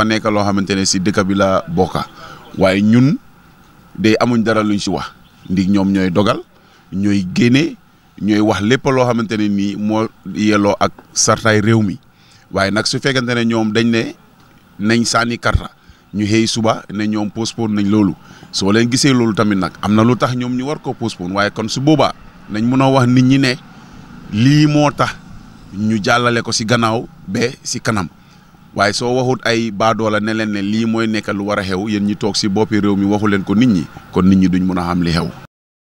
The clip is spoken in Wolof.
dafa nekk loo xamante ne si dëkk bi la bokka waaye ñun day amuñ dara luñ si wax ndig ñoom ñooy dogal ñooy génne ñooy wax lépp loo xamante ne nii moo yelloo ak sartaay réew mi waaye nag su fekkente ne ñoom dañ ne nañ sànni karta ñu xëy suba ne ñoom postpone nañ loolu soo leen gisee loolu tamit nag am na lu tax ñoom ñu war ko postpone waaye kon su boobaa nañ mun wax nit ñi ne lii moo tax ñu jàllale ko si gannaaw ba si kanam waaye soo waxut ay baadoola ne leen ne lii mooy nekk lu war a xew yéen ñi toog si boppi réew mi waxu leen ko nit ñi kon nit ñi duñ mun a xam li xew